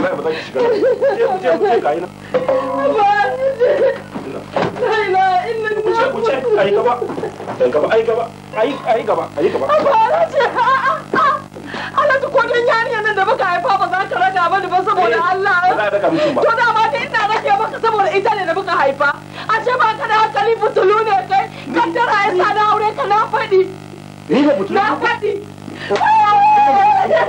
wallahi na ce ku ta haifa ba saboda eh, Allah da ina saboda ita ne da haifa a ce ka da hankali fitulu ne kai kaddara ya sa aure ka na faɗi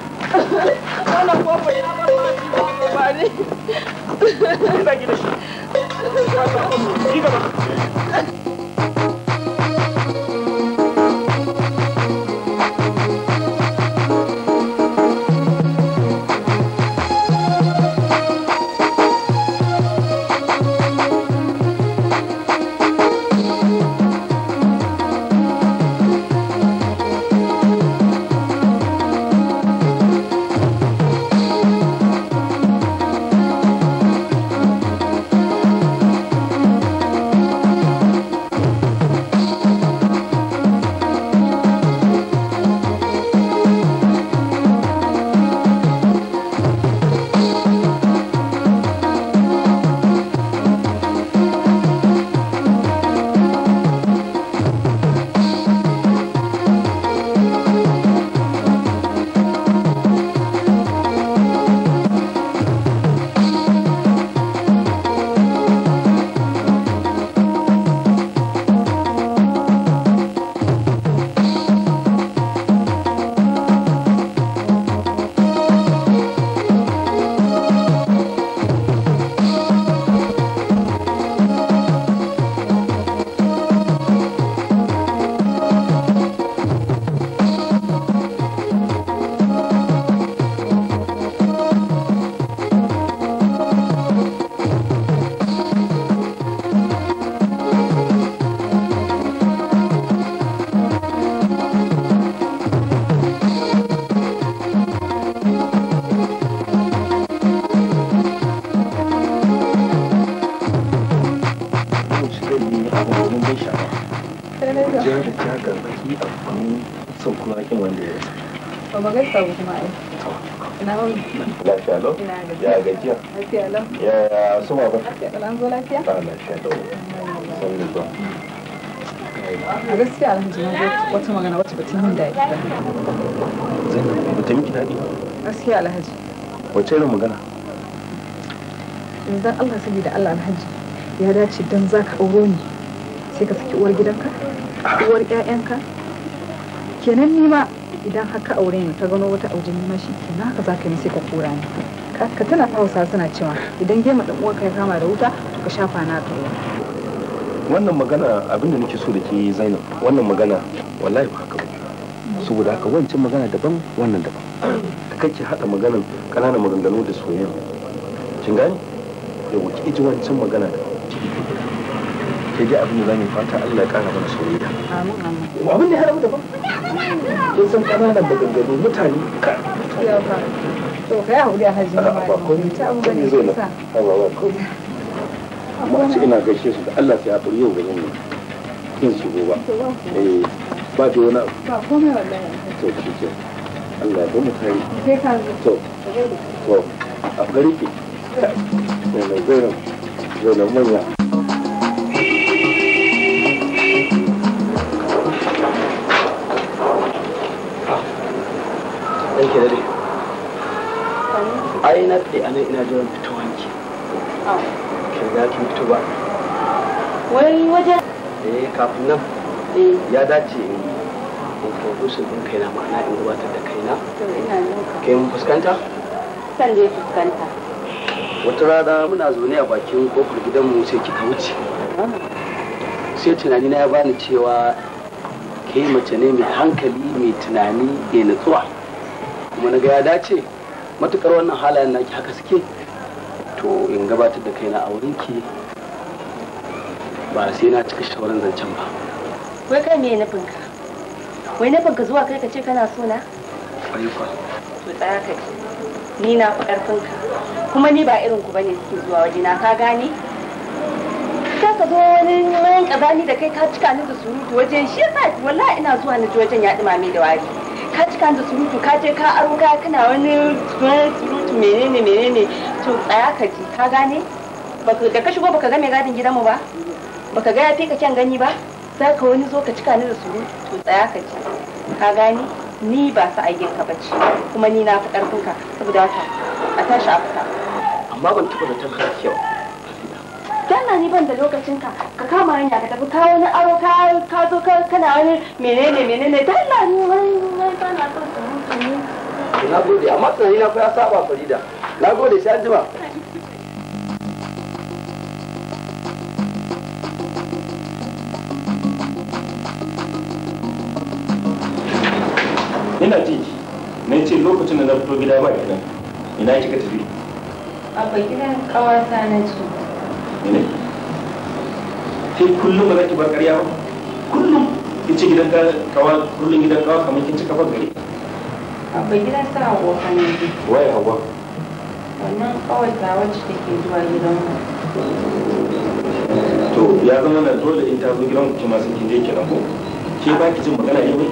wannan kofa ya bar mana ba ba ne ina gida shi ba su ma ba ba a gaskiya alhaji eh, na wata magana wata ba ta yi daɗi ba zainab ba ta daɗi gaskiya alhaji wace irin magana yanzu dan Allah da Allah alhaji ya dace dan za ka auro ni sai ka saki uwar gidanka uwar ƴaƴanka kenan ni ma idan haka aure ni ta gano wata aure ni ma shi kenan haka za ka yi sai ka kora ni ka tana ta hausa suna cewa idan gemu mu ɗan'uwa ya kama da wuta to ka shafa na ka wannan magana abinda nake so da ke zainab wannan magana wallahi ba haka saboda haka wancan magana daban wannan daban da kake hada maganan kananan maganganu da soyayya kin gani da wuce iji wancan magana da ke ji abin da yi fata Allah ya ƙara mana soyayya amin amin abin da ya haɗa daban kin san kananan maganganu mutane ka to a ba komai ta abu ce ina gaishe su da Allah ya haƙuri yau ga yanzu su goba eh ba ta wani abu ba komai wallahi to shi ke Allah ya mu kai sai ka to to a gari ke zai na zai na manya ai na tsaye anan ina jiran fitowar ki ah. kin za ki fito ba wai wajen eh kafin nan eh. ya dace in introducing din kaina ma'ana in gabatar da kaina kai mun fuskanta san je fuskanta wata rana muna zaune a bakin kofar gidanmu sai kika wuce ah. sai tunani na ya bani cewa ke mace ne mai hankali mai tunani mai nutsuwa kuma na ga ya dace matukar wannan halayen naki haka suke to in gabatar da kaina a wurin ki ba sai na cika shawarar zancen ba wai kai me nufin ka wai nufin ka zuwa kai ka ce kana so na wai fa to tsaya ka ni na fi karfin ka kuma ni ba irin ku bane suke zuwa waje na ka gane ka ka zo wani wayan kazani da kai ka cika ni da surutu wajen shi yasa wallahi ina zuwa na ji wajen ya dumame da wari ka cika da surutu ka je ka aro ka kana wani wani surutu menene menene to tsaya ka ji ka gane baka da ka shigo baka ga mai gadin gidan mu ba baka ga ya fi ka kyan gani ba za ka wani zo ka cika ni da surutu to tsaya ka ji ka gane ni ba sa aikin ka bace kuma ni na fi karfin ka saboda haka a tashi a fita amma ban taba da tanka kyau dalla ni ban da lokacin ka ka kama hanya ka tafi kawo wani aro ka ka zo kana wani menene menene dalla ni wai wani kana son ka mutu ne na gode amma tsanani na fa saba farida na gode sha jima ina ji na ce lokacin da na fito gida ba gidan ina kika tafi a gidan kawasa na ce sai kullum ba za ki bar ƙarya ba kullum ki ci gidan kawa kullum gidan kawa kamar kin ci kafar gari abba gidan sa hawa kan yanzu waye hawa wannan kawai ta wacce take zuwa gidan to ya zama na dole in ta zo gidan ki masu kin je ki ko ke ba ki jin magana ne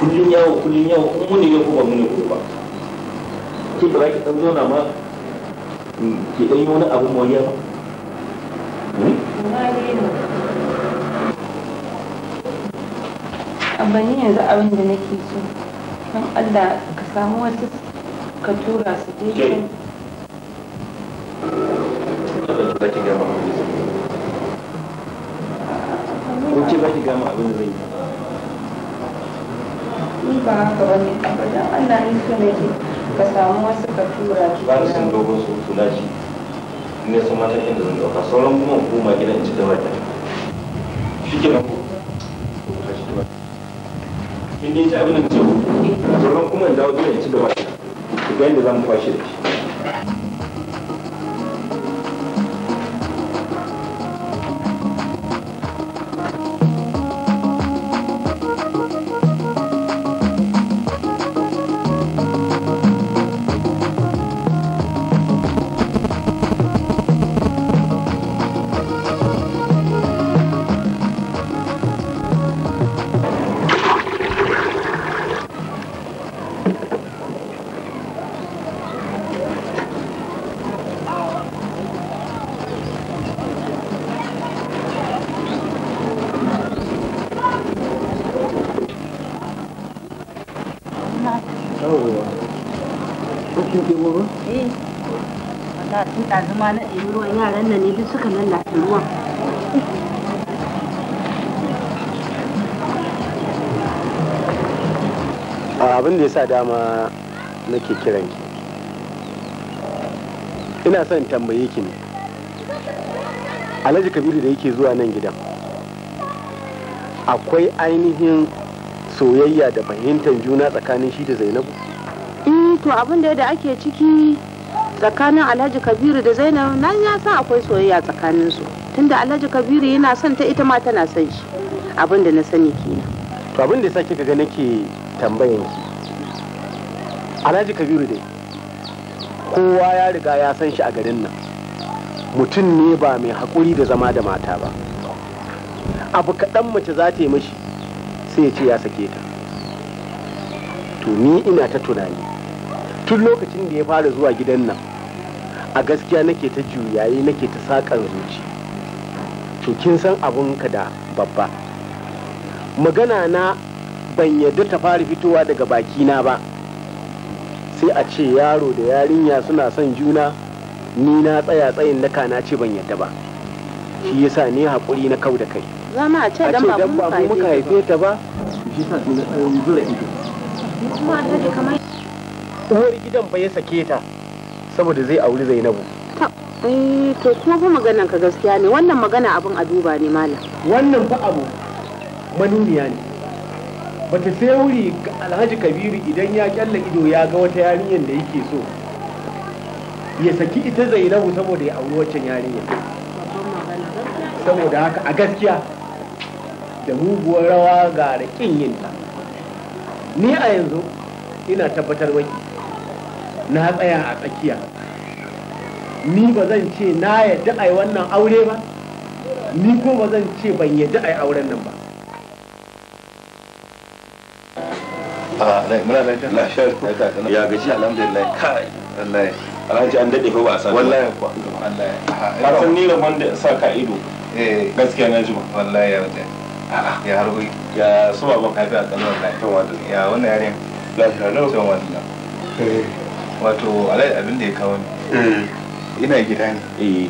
kullum yawo kullum yawo in ne ko ba muni ko ba ki ba ki na ma ke ɗan yi wani abin moriya ba hmm? abba ni yanzu abin da nake so don allah ka samu wasu ka tura su eh? ke ko ce ba ki gama abin da zai yi ba haka ba ne abadan allah ne so nake ka samu wasu ka tura ki ba san dogon su su lashi ne sun mata inda zan dauka sauran kuma hukuma gidan in ci da wata shi ke nan ko ta ci da wata kin ne ci abin da ce sauran kuma in dawo gidan in ci da wata ga inda zan kwashe da shi yawwa ko kin ke ba eh tun na ɗin ruwan yaran nan ne duk suka lallace ruwan abin da ya sa dama nake kiran ki ina son tambaye ki ne alhaji kabiru da yake zuwa nan gidan akwai ainihin soyayya da fahimtar juna tsakanin shi da zainabu eh to abin da ake ciki tsakanin alhaji kabiru da zainabu nan ya san akwai soyayya tsakanin su tunda alhaji kabiru yana son ta ita ma tana son shi abin da na sani kenan to abin da sake ga nake tambayan ki alhaji kabiru dai kowa ya riga ya san shi a garin nan mutum ne ba mai haƙuri da zama da mata ba abu kaɗan mace za ta yi mashi sai ya ce ya sake ta to ni ina ta tunani tun lokacin da ya fara zuwa gidan nan a gaskiya nake ta juyayi nake ta saƙan zuci to kin san abunka da babba magana na ban yadda ta fara fitowa daga bakina ba sai a ce yaro da yarinya suna son juna ni na tsaya tsayin daka na ce ban yadda ba shi yasa ne haƙuri na kau da kai za ma a ce dan ba mu muka haife ta ba shi sa zura ido kuma kamar gidan ba ya sake ta saboda zai auri Zainabu eh to kuma fa maganan ka gaskiya ne wannan magana abun a duba ne malam wannan fa abu manuniya ne bata sai wuri alhaji kabiru idan ya kyalla ido ya ga wata yarinyar da yake so ya saki ita zainabu saboda ya auri waccan yarinyar saboda haka a gaskiya da muguwar rawa ga da ƙin yin ta ni a yanzu ina tabbatar maki na tsaya a tsakiya ni ba zan ce na yadda ai wannan aure ba ni ko ba zan ce ban yadda ai auren nan ba ya gaji alhamdulillah kai wallahi alhaji an dade fa ba a san wallahi kuwa wallahi ka san ni rabon da sa ka ido eh. gaskiya na jima wallahi ya wallahi ya harbi ya su baban haifi a tsanuwar lafiyan wato ya wannan yaren lafiya na wasu wani na wato alai abin da ya kawo ni eh. ina gida ne eh.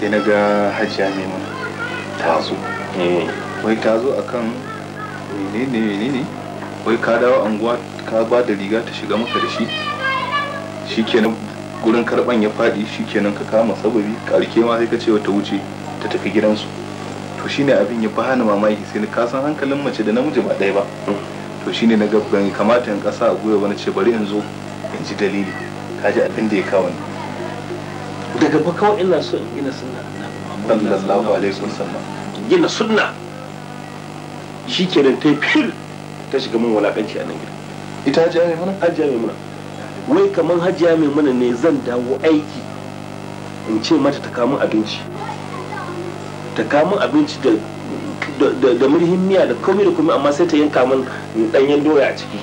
sai na ga hajji mai mun ta zo eh. wai ta zo akan menene menene wai ka dawo anguwa ka ba da riga ta shiga maka da shi shi shikenan gurin karban ya faɗi shi shikenan ka kama sababi karke ma sai ka ce wata wuce ta tafi gidansu to shine abin ya bani mamaki sai ni kasan hankalin mace da namiji ba ɗaya ba to shine na ga ban kamata in kasa a gwiwa wani ce bari in zo in ji dalili kaji abin da ya kawo ni daga ba kawai ina so in gina sunna annabi sallallahu alaihi wasallam gina sunna shikenan ta fil ta shiga mun walakanci a nan gida ita hajiya mai muna hajiya mai muna wai kaman hajiya mai muna ne zan dawo aiki in ce mata ta kawo abinci ta kama abinci da da da da komai da komai amma sai ta yanka min danyen doya a ciki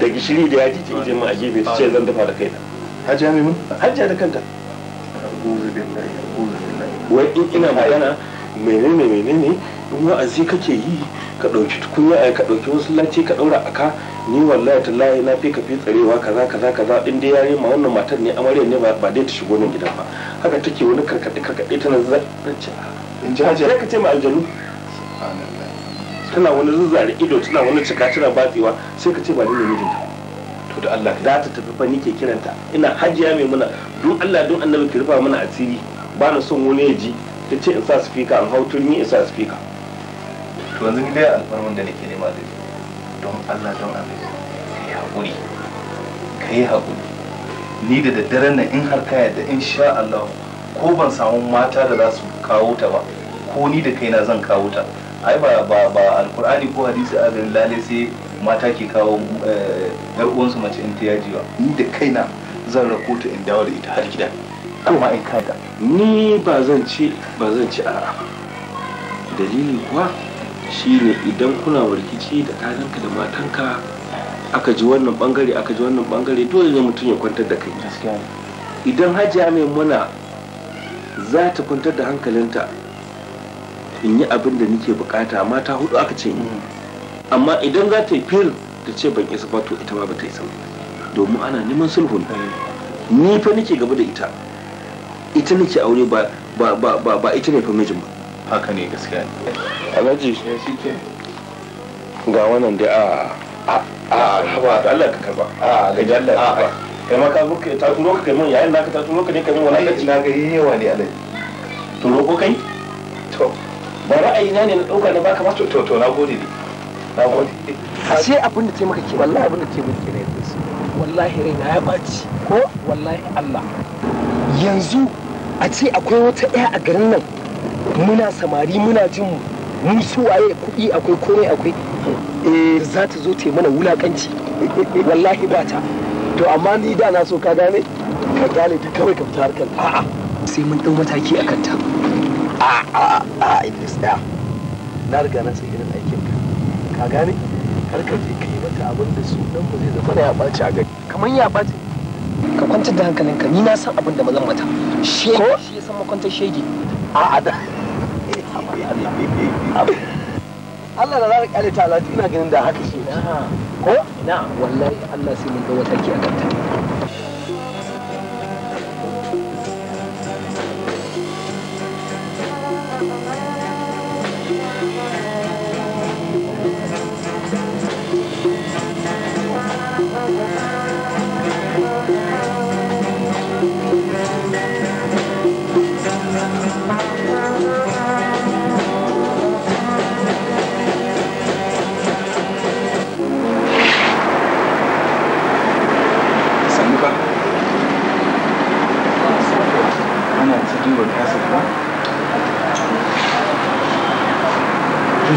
da gishiri da yaji ta ije min a gefe ta ce zan dafa da kaina hajja mai mun hajja da kanta wai in ina magana menene menene in wa'azi kake yi ka ɗauki tukunya ka ɗauki wasu lace ka ɗaura a ka ni wallahi layi na fi ka tsarewa kaza kaza kaza in dai yare ma wannan matar ne amarya ne ba dai ta shigo nan gidan ba haka take wani karkaɗe karkaɗe tana zance ah. in ji hajiya ka ce ma aljanu tana wani zuzzare ido tana wani cika tana batsewa sai ka ce ba ni ne mijinta to da Allah za ta tafi fa nike kiranta ina hajiya mai muna don Allah don annabi ki rufa mana asiri ba na son wani ya ji ta ce in sa speaker in hau turmi in sa speaker to yanzu dai da nake nema da don Allah don kai kai hakuri ni da daddare nan in har ka da insha Allah ko ban samu mata da za su kawo ta ba ko ni da kaina zan kawo ta ai ba ba ba alkur'ani ko hadisi a garin lalle sai mata ke kawo eh, yar uwansu mace in ta yaji ba ni da kaina zan rako ta in dawo da ita har gida amma in kada ni ba zan ci ba zan ci a'a dalili kuwa shine idan kuna rikici da tsakaninka da matanka aka ji wannan ɓangare aka ji wannan ɓangare, dole ne mutum ya kwantar da kai idan hajiya mai muna za ta kwantar da hankalinta in yi abin da nake bukata mata hudu aka ce mm. amma idan za ta yi fil ta ce ban isa ba to ita ma ba ta isa domin ana neman sulhun mm. ni fa nake gaba da ita ita nake aure ba ba ba ba ita ne fa mijin ba haka ne gaskiya alhaji shi ke. ga wannan da a ah, a ah, a ah, haba da Allah ka karba a ga Allah ka karba. kai ma ka buke ta turo ka kai mun yayin naka ta turo ka ne kai mun wallahi na ga yawa ne alhaji turo ko kai to ba ra'ayi na ne na dauka na baka ba? to to na gode ne na gode ashe abin da ke maka ke wallahi abin da ke maka ke ne wallahi rai na ya baci ko wallahi Allah yanzu a ce akwai wata ɗaya a garin nan muna samari muna jin mu mun su waye kuɗi akwai komai akwai eh za ta zo ta mana wulakanci wallahi ba ta to amma ni da na so ka gane ka gane ta kawai ka fita harkar a'a sai mun ɗau mataki a kanta a a a Idris da na riga na san irin aikin ka ka gane harkar je ka yi mata abin da su dan ba zai zama ya ɓaci a gari kamar ya ɓaci ka kwantar da hankalinka ni na san abin da mazan mata shege shi ya san makwantar shege a'a da Allah da zaka ka kyale ina ganin da haka shi ko ina wallahi Allah sai mun ga wata ki a kanta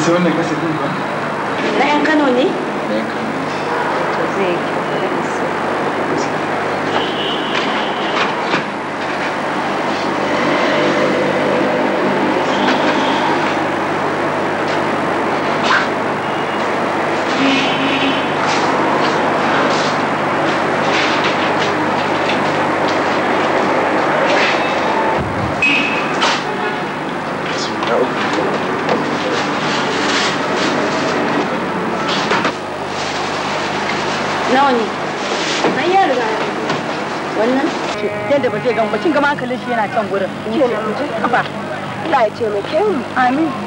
ce wannan kashe kin ga hankalin shi yana can gurin. Kenan mu je. Ba. Allah ya taimake mu. Amin.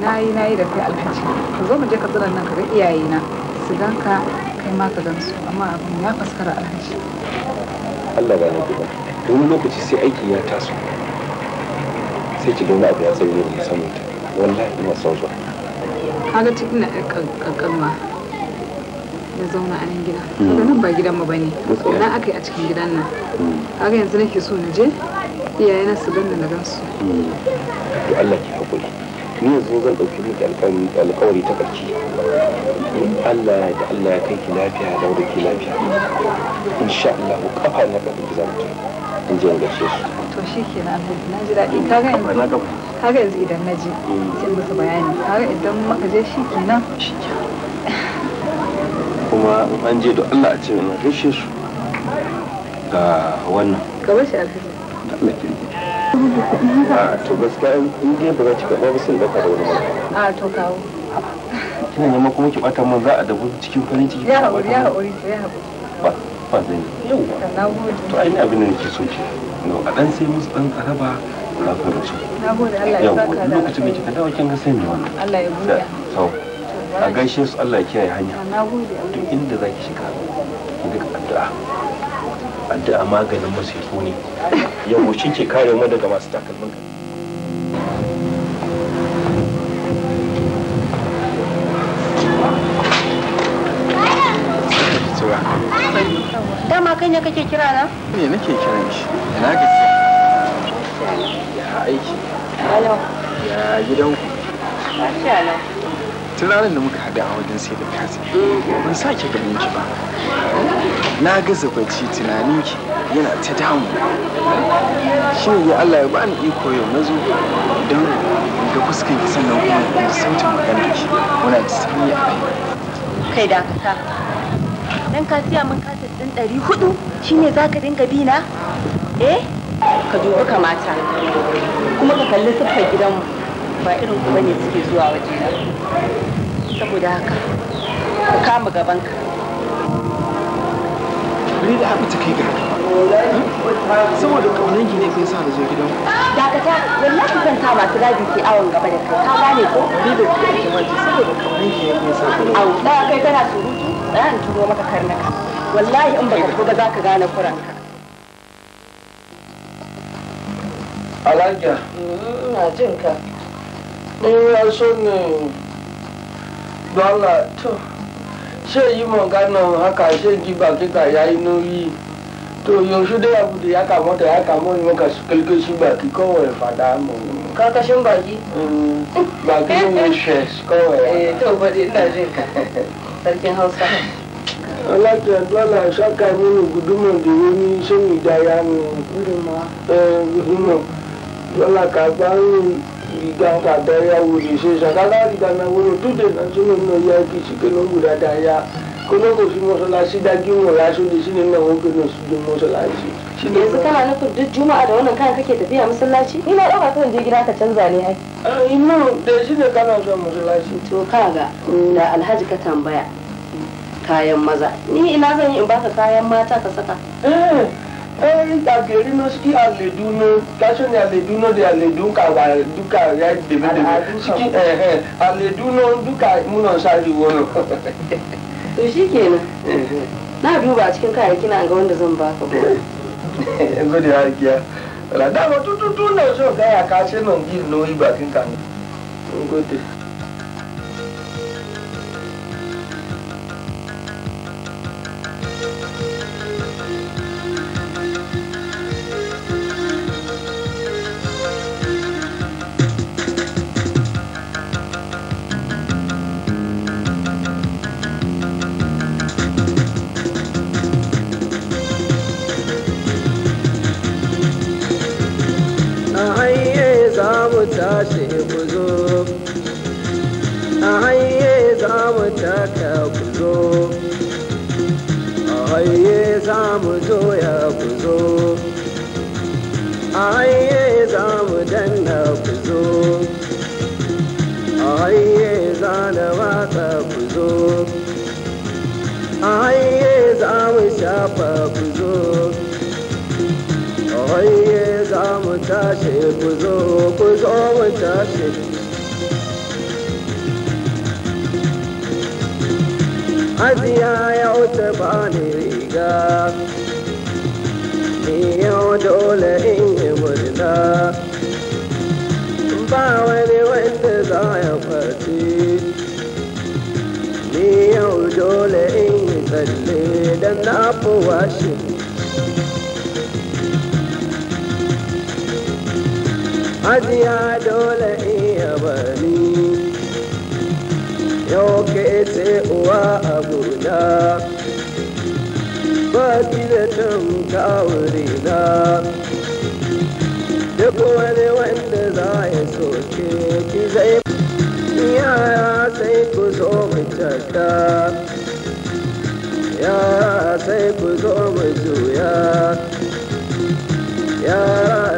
na yi na yi da kai alhaji ka zo mu je ka tsira nan ka ga na su ka kai ma ka gansu amma abin ya faskara alhaji Allah ba ni duba wani lokaci sai aiki ya taso sai ki dona abu ya tsaye ne da ta wallahi ina son zuwa kaga cikin na kankanwa na zauna a nan gida daga nan ba gidan ba ne na aka yi a cikin gidan nan hmm. kaga yanzu nake so na je iyayena su da na su. Hmm. to Allah ki hakuri ni yanzu zan ɗauki miki alƙawari ta ƙarki in Allah ya da Allah ya kai ki lafiya da wuri ki lafiya insha Allah ku kafa na ƙarfi ki zanta in je in gaishe su to shi ke na na ji daɗi kaga yanzu kaga yanzu idan na je mm. sai musu bayani kaga idan muka je shi ke nan kuma an je da Allah a ce na gaishe su ga wannan ga bashi alhaji Allah ya a ah, to gaskiya in dai ba za ki karɓa ba sai da ka da wani mana a ah, to kawo kina neman kuma ki bata man za a dabu cikin farin ciki ya haƙuri ya haƙuri ya haƙuri ba ba zai to ai ni abin da nake so ki a dan sai musu dan tsaraba lafiyar su lokacin da kika dawo kin ga sai ne wannan Allah ya buɗe a gaishe su Allah ya kiyaye hanya duk inda zaki shiga ki duka addu'a addu'a maganin masifu ne yau shi ke kare mu daga masu takalmin dama kake kira na? nake kiran shi ina ga ya aiki ya gidanku tun ranar da muka haɗu a wajen sai da kasi ban sake ganin ki ba na gaza bacci tunanin ki yana ta damu shi ne Allah ya bani iko yau na zo don ga fuskan ki sannan kuma in sautin maganar ki muna da sanyi a kai kai dakata dan ka siya min kasar ɗin ɗari hudu shine zaka dinga bi na eh ka dubi kamata kuma ka kalli siffar gidanmu ba irin ku bane suke zuwa na. saboda haka ka kama gabanka ni da abu ta kai ga saboda kaunan ki ne kun sa da zo gidan dakata wallahi zan kama su rabi ke awon gaba da kai ka gane ko ni da kai ke waje saboda kaunan ki ne kun sa au da kai kana surutu ran turo maka karnaka wallahi in baka ko ba za ka gane kuranka Alhaja. Mm, ina jin ka. ya so ne don Allah to she yi maganan haka she ji ba kika yayi nauyi to yaushe dai abu da ya kamata ya kamo ne maka su kalke shi baki kawai fada mu karkashin baki mm, baki yin wishes kawai eh, to bari ina jin ka sarkin hausa láti ẹ̀dọ́ là ń ṣáka nínú gudumọ̀ dèrò ní sẹ́yìn ìdáyà ni gudumọ̀ dọ́là kàgbá ń rigan ka da ya wuri sai sakala rigan na wuri tutu na sunu no ya ki shi kelo guda da ya kolo ko shi masallaci da ki mu ya su da shi ne na hoke su din masallaci yanzu kana nufin duk juma'a da wannan kayan kake tafiya masallaci ni na dauka kawai je gida ka canza ne ai ina da shi ne kana zuwa masallaci to kaga na alhaji ka tambaya kayan maza ni ina zan yi in baka kayan mata ka saka da ke rino suke aleduno kashin aleduno da aledun kawa duka ya debe debe suke aleduno duka munan sari wani to shi kenan eh, eh. na duba cikin kayayyaki na ga wanda zan baka ko gode a kiya la da ba tututu na so kaya kashin nan gin noyi bakin kan gode tashi ku zo a haye za mu taka ku zo a haye za mu zo ya ku zo a haye za mu danna ku zo a haye za na waka ku zo a haye za mu shafa ku zo a haye za mu tashi ku zo ku zo mu tashi Aziya ya wuce ba ni riga ni yau dole in yi murna ba wani wanda za ya farci ni yau dole in yi tsalle don na fi washe Ajiya dole iya bani yau ke ce uwa guda ba ki da tamka na duk wani wanda za ya soke ki zai yara sai ku zo mu cata yara sai ku zo mu juya yara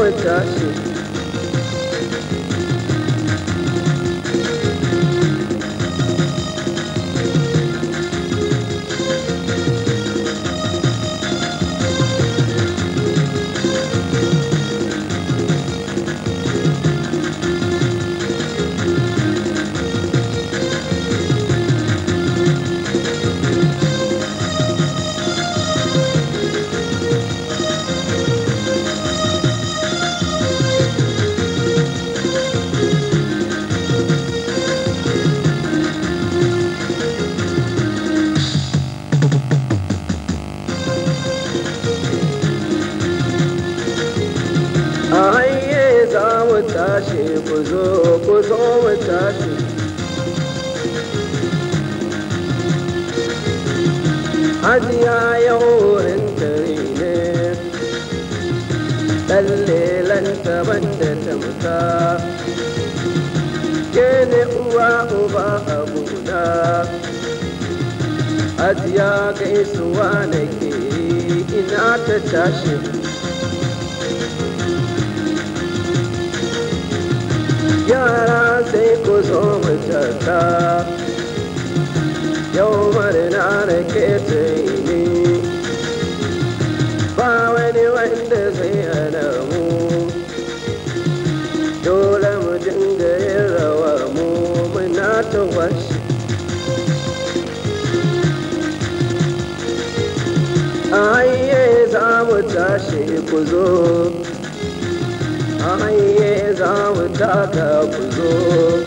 forward, Josh. was always happy. عديا يور ترينك الليل انت بند تمكا كان اوا ابا ابونا عديا كيسوانك ina ta tashi matarka yau marina da ke ba wani wanda zai hana mu dole mu dinga yin rawar mu muna tawashi a za mu tashi ku zo a za mu taka ku zo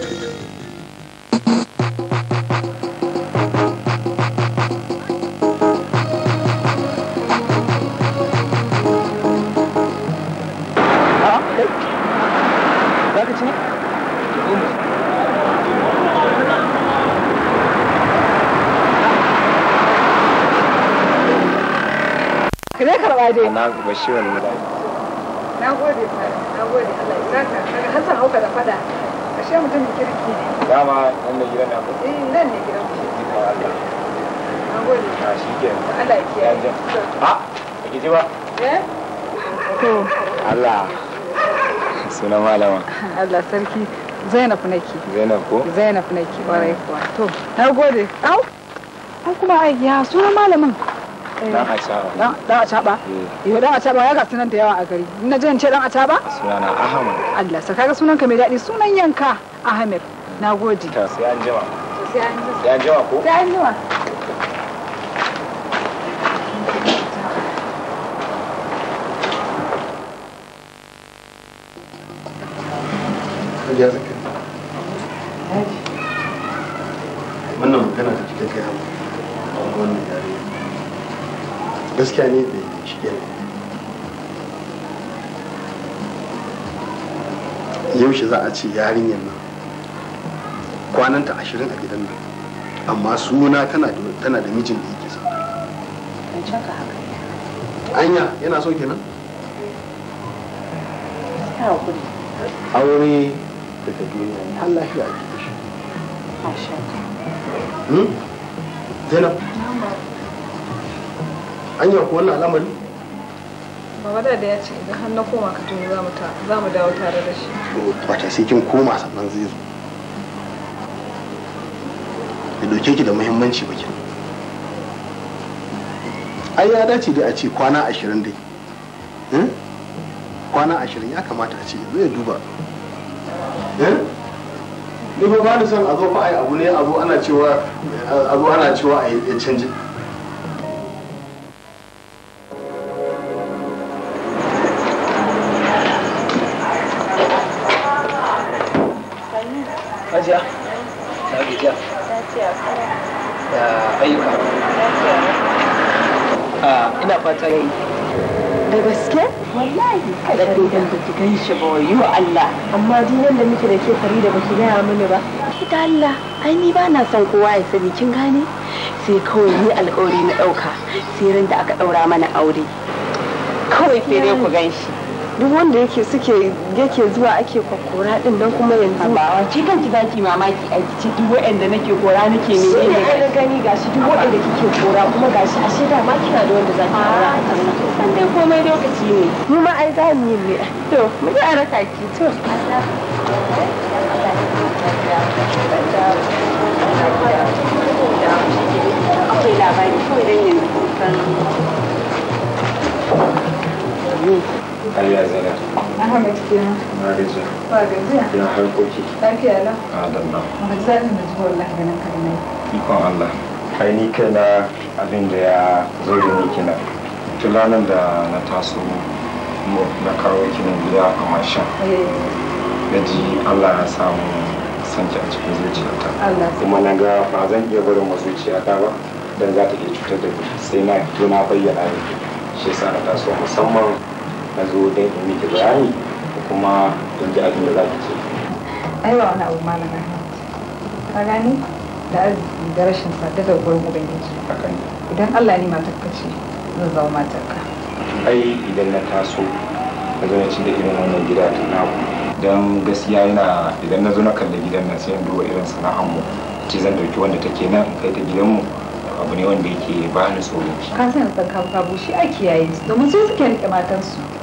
roƙa na gode fa na gode Allah ya saka daga hasan hauka da fada ashe mutumin kirki ne dama nan ne gidan na eh nan ne gidan ku na gode Ka ah, shi ke Allah ya kiyaye a ki ji ba eh to Allah suna malama Allah sarki Zainab nake Zainab ko Zainab nake kwarai kuwa to na gode au an kuma ai ya suna malamin Eh, dan acaba dan acaba eh. yau dan acaba ya ga nan da yawa a gari na jin ce dan acaba sunana ahmad Allah sa kaga sunan ka mai daɗi sunan yanka ahmed nagode to sai an jima sai an jima ko sai an jima Yes. gaskiya ne da shi yana yau yaushe za a ce yarinyar nan kwananta ashirin a gidan nan amma suna tana da mijin da yake son anya yana so kenan aure daga duniya ne har lafiya a da shi zainab hanya ko wannan al'amari baba da da ya ce idan har na koma ka tuni za mu ta za mu dawo tare da shi wata sai kin koma sannan zai zo da doke ki da muhimmanci ba ai ya dace dai a ce kwana ashirin dai hmm? kwana ashirin ya kamata a ce zai duba hmm? ni ba ni son a zo fa ai abu ne a zo ana cewa a zo ana cewa a yi canji saurayi da gaske wallahi da kai shi ba Allah amma dinan da muke da ke fari da baki gaya mini ba ita Allah ai ni ba na son kowa ya sani kin gane sai kawai ni alƙawari na ɗauka sai ran da aka ɗaura mana aure kawai sai dai ku gan shi duk wanda yake suke yake zuwa ake kwakkora din dan kuma yanzu ba ce kanki zaki mamaki a ce duk wanda nake kora nake ne ne da gani gashi duk wanda kike kora kuma gashi ashe da ma kina da wanda zaki kora a ah, san dai komai lokaci ne mu ma ai za mu yi ne to mu yi araka ki to Thank you. Aliya Zainab. Ahmed kenan. Na gaji. Ba gaji. Ya harkoki. Lafiya lau. Adalla. Ba za ka gaji wallahi ganin ka ne. Ikon Allah. Ai ni kaina abin da ya zo da ni kenan. Tun ranar da na taso na kawo kinan gida a mashin. Eh. Na Allah ya samu sanki a cikin zuciyarta. Kuma na ga ba zan iya barin wa zuciyata ba. Dan zata ta iya cutar da ni sai na fito na bayyana ne. Shi yasa na taso musamman na zo don in miki bayani da kuma in ji abin da za ki ce. Aiwa ba wani abu ma na gani. Ka gani da arziki da rashin sa daga gurin Ubangiji. Hakan Idan Allah ne matarka ce zan zama matarka. Ai idan na taso na zo na ci da irin wannan gida ta naku. Don gaskiya yana idan na zo na kalli gidan nan sai in duba irin sana'ar mu. Ce zan ɗauki wanda take nan in kai ta gidanmu. abu ne wanda yake ba ni tsoro. Ka san tsakafa bushe ake yayin su domin su suke rike matansu.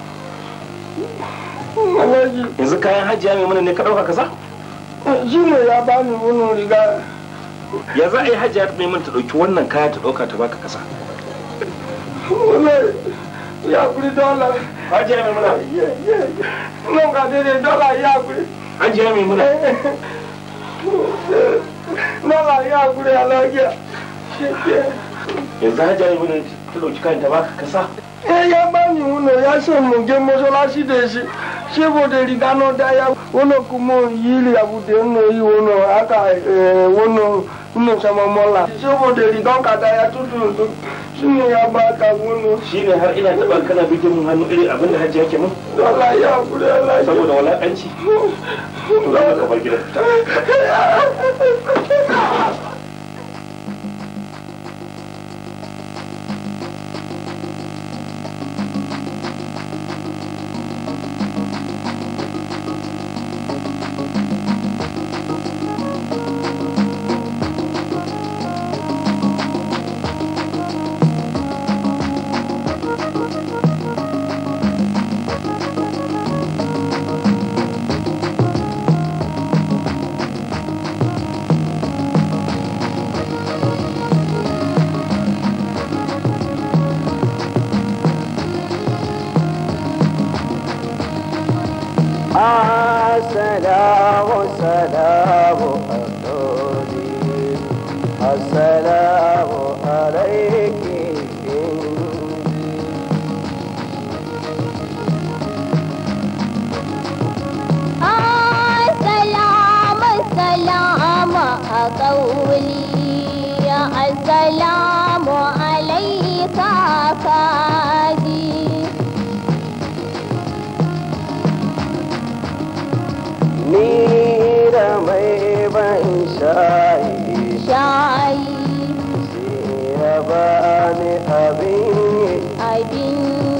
yanzu kayan hajiya mana ne ka ɗauka kasa? shi ya ba ni wani riga ya za a yi mana ta ɗauki wannan kaya ta ɗauka ta baka kasa ya kuri dola hajiya mana nan ga ya kuri dola ya kuri yanzu hajiya mai mana ta ɗauki kayan ta baka kasa eh, ya ba ni wani ya ce mu gen masalaci da shi shebode rigano daya wono kumo yili abude no yi wono aka eh, wono nno sama mola shebode rigon ka daya tutu shine ya ba ka wono shine har ina taba kana bige mun hannu irin abin da hajji yake mun wallahi ya kudi la saboda walakanci to za ka bar gidan 海边。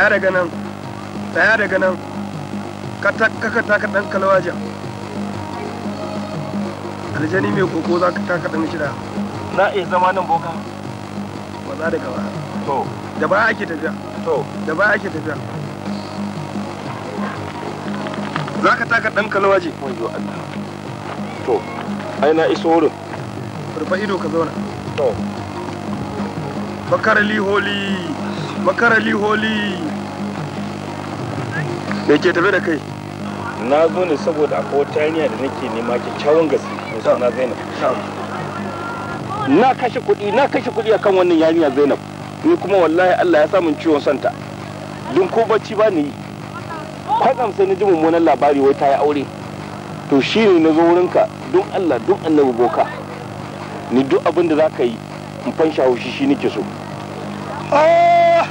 tsaya daga nan tsaya daga nan kaka taka ɗan kalwaja aljani mai koko za ka taka ɗan shida na iya zama nan boka Ba za daga ba to da ba ake tafiya to da ba ake tafiya za ka taka ɗan kalwaje wajo Allah to ai na iso wurin rufa ido ka zauna to bakar liholi makarali holi me ke tafe da kai na zo ne saboda a wata da nake nema kyakkyawan gaske mai suna zainab na kashe kuɗi na kashe kuɗi akan wannan yarinya zainab ni kuma wallahi allah ya samun ciwon santa don ko bacci ba ni kwatsam sai na ji mummunan labari wai ta yi aure to shi ne na zo wurinka don allah don annabi boka ni duk abin da za ka yi in fan haushi shi nake so. Oh!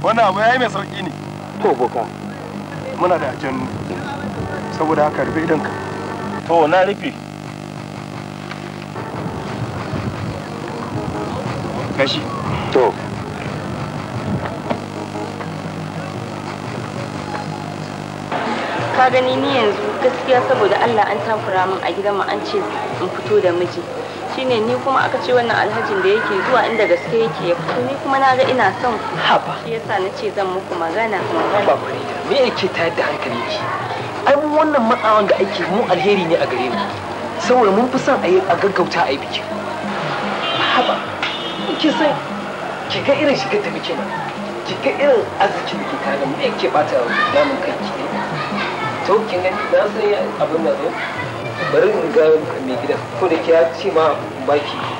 wannan abu ya yi mai sauƙi ne to boka muna da ajannu saboda haka rufe idanka to na rufe Kashi. to ka gani ni yanzu gaskiya saboda allah an tafura min a gidanmu an ce in fito da miji shine ni kuma aka ce wannan alhajin da yake zuwa inda gaske yake ya fito ni kuma naga ina son ku haba shi yasa na ce zan muku magana magana ba me yake tayar da hankalin ki ai mun wannan matsawan da ake mu alheri ne a gare mu saboda mun fi son a yi a gaggauta a yi bikin haba ki san ki ga irin shiga ta bikin ki ga irin arziki da ke tare me yake bata namun kanki to kin ga na san abin da zai eh? bari in ga mai gidan ko da ke ya ce ma baki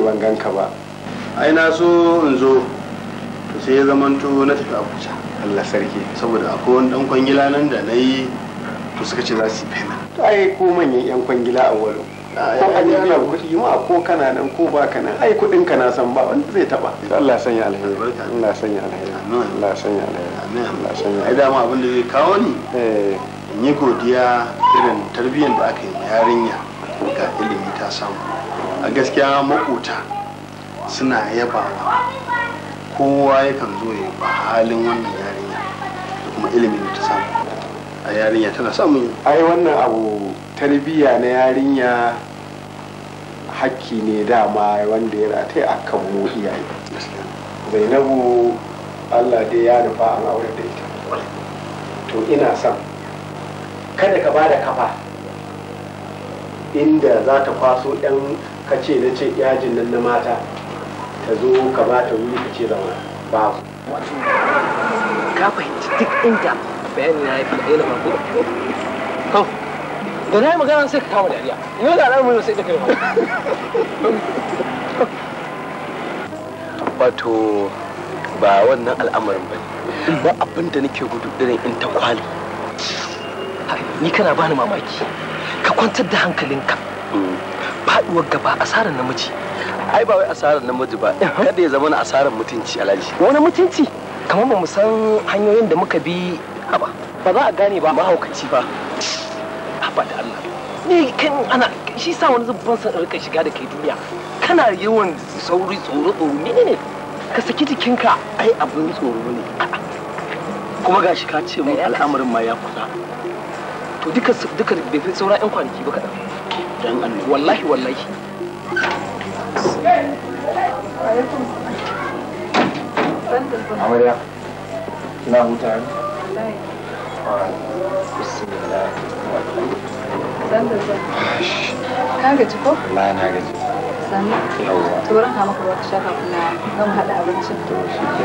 ban ganka ba ai na so in zo to sai ya to na tafi abuja allah sarki saboda akwai wani ɗan kwangila nan da na yi to suka ce za su yi fena to ai ko manyan yan kwangila a walo ko an yi biya kuɗi ma ko kana nan ko ba ka nan ai kuɗin ka na san ba wanda zai taɓa allah sanya alheri allah sanya alheri allah sanya alheri allah sanya ai dama abin da zai kawo ni eh. in yi godiya irin tarbiyyar da aka yi ma yarinya ga ilimi ta samu a gaskiya makota suna yabawa kowa ya kan zo ya ba halin wannan yarinya da kuma ilimin da ta samu a yarinya tana samun ai wannan abu tarbiyya na yarinya hakki ne dama wanda ya rata a kan mu iyaye zainabu allah dai ya nufa a da ita to ina son kada ka ba da kafa inda za ta kwaso 'yan ka ce na ce yajin nan na mata ta zo ka ba ta wuri ka ce zama babu ka fahimci duk inda bayani na yafi ɗaya na farko kan da na yi magana sai ka kama dariya ina da alamun sai ta kai wato ba wannan al'amarin ba ne. ba abin da nake gudu irin in ta kwali ni kana bani mamaki ka kwantar da hankalinka mm. faduwar gaba asarar namiji ai ba wai asarar namiji ba kada ya zama na asarar mutunci alhaji wani mutunci kamar ba mu san hanyoyin da muka bi haba ba za a gane ba mahaukaci ba haba da Allah ni kan ana shi sa wani zubban san rika shiga da kai duniya kana yawan sauri tsoro tsoro ne ne ka saki jikinka ai abin tsoro ne kuma gashi ka ce mun al'amarin ma ya kusa to duka duka bai fi saura yan kwanaki ba kaɗan dan Allah wallahi wallahi amarya kina huta ne bismillah ka gaji ko na gaji maka ruwa ka abincin to shi ke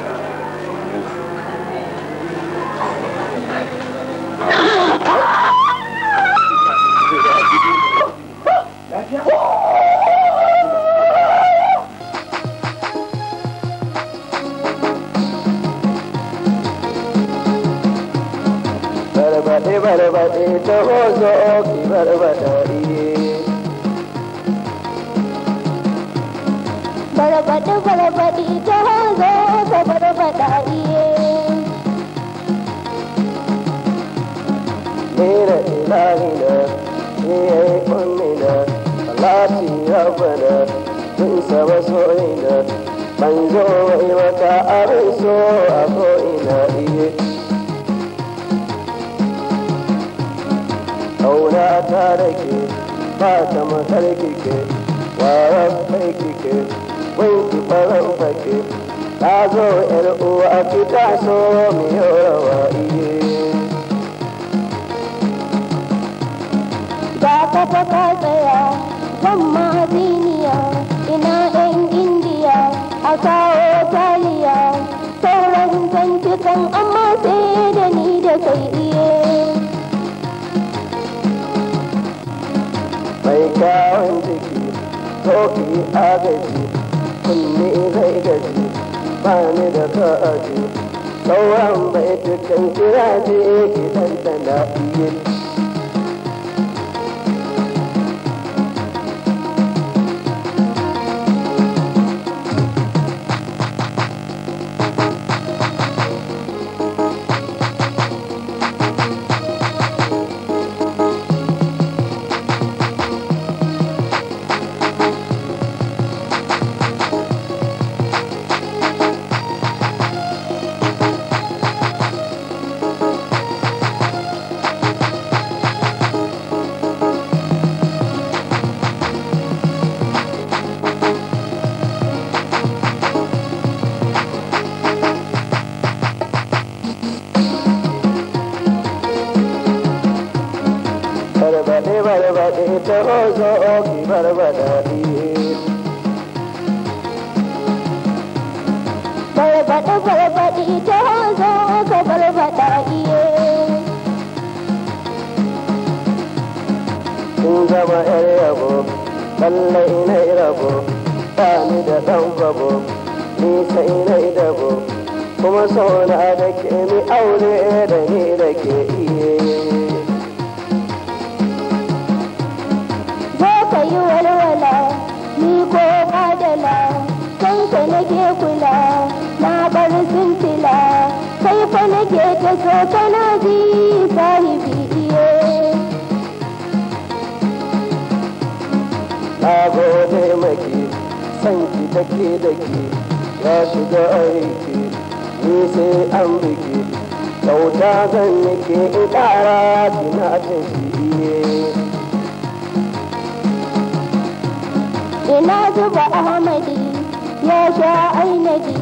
barbaɗe taho zo ki barbaɗari barbaɗe barbaɗi taho zo ka barbaɗari na, ilahina, niye na, Alati rabbana, sun saba soyina, ban zo wai maka abin so a ko'ina kauna ta da ke ba ta matar kike warar kai kike wanki farar fake ta zo yar uwa ki ta so mi yawa iye ba ka fa tsaya zan ma ziniya ina 'yan indiya a kawo taliya sauran kan amma sai da ni da kai mai kyawun jiki sauki agaji kunne zai gaji ba ni da ka'aji sauran bai dukkan kiraje ki ɗanɗana iya zama ‘yan rabo, lallai na rabo, ta ni da ɗan babo, ni sai na dabo, kuma sauna da ke ni aure da ni da ke iye. Zo ka yi walwala, ni ko kadala, kanka nake kula, na bar sintila, kai fa ke ta so kana ji na gode maki san ki take da ya shiga aiki ni sai an biki kyauta zan nake in ƙara kina tafi ina zuba ahmadi ya sha ainadi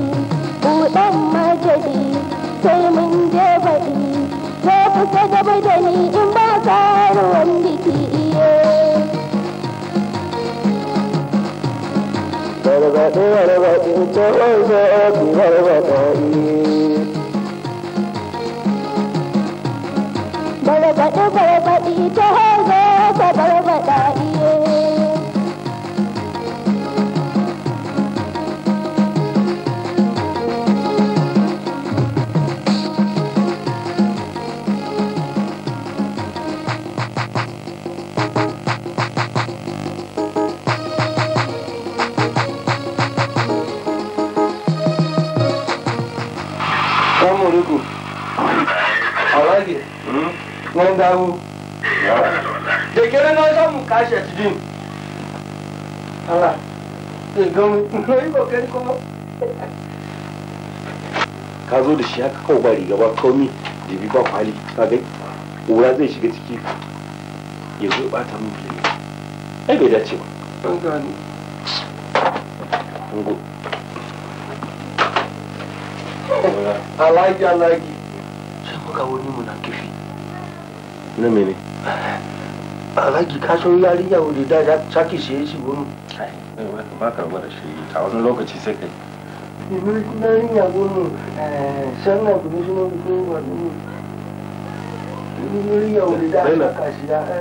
buɗan majadi sai mun je baɗi ko kusa gaba da ni in ba karuwan biki iye barbaɗe barbaɗe ta ƙwanzo aki barbaɗaɗi. Barbaɗe barbaɗe ta ƙwanzo aki ku a wage nan damu da na yi kuma ka zo da shi haka kawai ba ba komi jibi ba kwali ka gai zai shiga ciki ya zo bata mun fili ai bai dace ba an gani alaji alaji sai muka wani munakifi na mene alaji ka san yarinya wuri da ya saki siye shi gurin ba ka rubar da shi a wani lokaci sai kai wuri da saka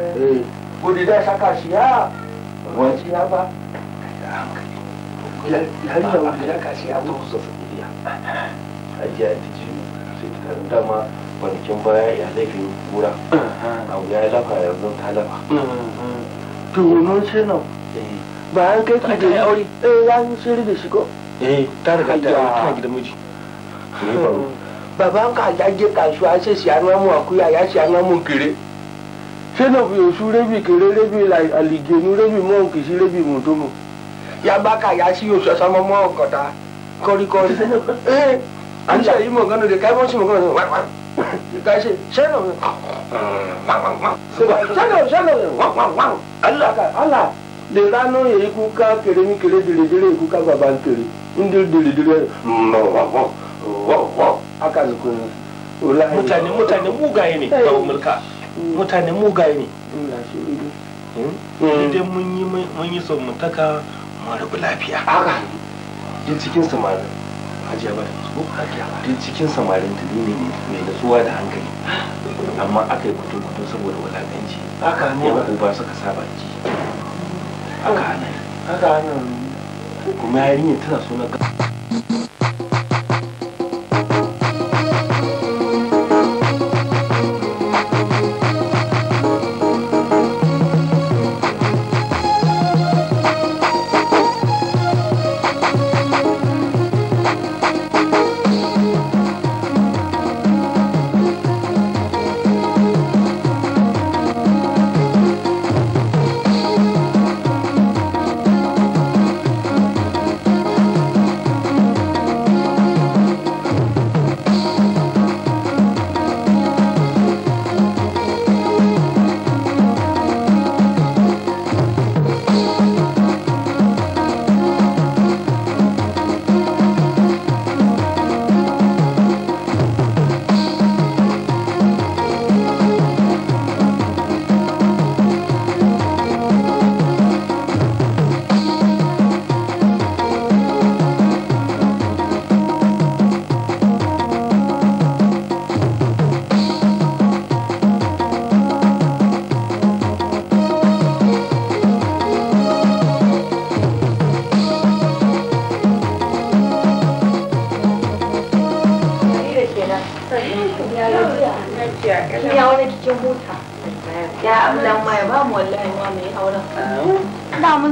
wuri da saka wani ba wuri da saka wuri ajiya ta ce sai ta kan dama kwanakin baya ya laifin kura abu ya lafa yanzu ta lafa to mun sai nan bayan kai ki da aure eh ya yi sirri da shigo eh ta riga ta ta gidan miji baban ka ya kasu kasuwa sai siya na mu akuya ya siya na mu kire sai na biyo su rabi kire rabi aligenu rabi mu kishi rabi mutumu ya baka ya siyo su sama mu kota kori kori eh an ce yi magana da kai bauchi magana da war war ka ce shelo shelo shelo Allah ka Allah da ranar ya yi kuka kere ni kere dire dire kuka baban kere indir dire dire haka zuku mutane mutane mugaye ne ba mutane mugaye ne hmm? Hmm. mun yi mun yi son mutaka mu rabu lafiya haka cikin samari hajiya ba ta duk cikin samarin ne mai natsuwa da hankali amma aka yi kutu-kutu saboda wulaƙanci haka ne ba uba suka sa baki haka hana haka hana kuma yarinya tana so na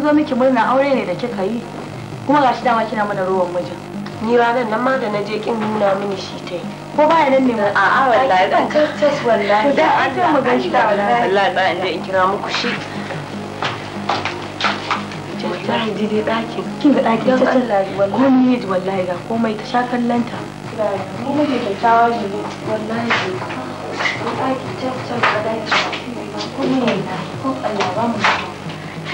zo miki murna aure ne da kika yi kuma gashi dama kina mana ruwan mijin ni ranar nan ma da na je kin nuna mini shi ta ko ba nan ne mu a'a wallahi dan tattas wallahi da an ta mu gashi da wallahi wallahi ba in je in kira muku shi wallahi dai ɗakin kin ga ɗakin ta komai ne ji wallahi ga komai ta sha kallanta kyakkyawa ji wallahi ɗakin ta ga ɗakin ko ne ko Allah ba mu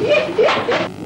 Yeah, yeah, yeah.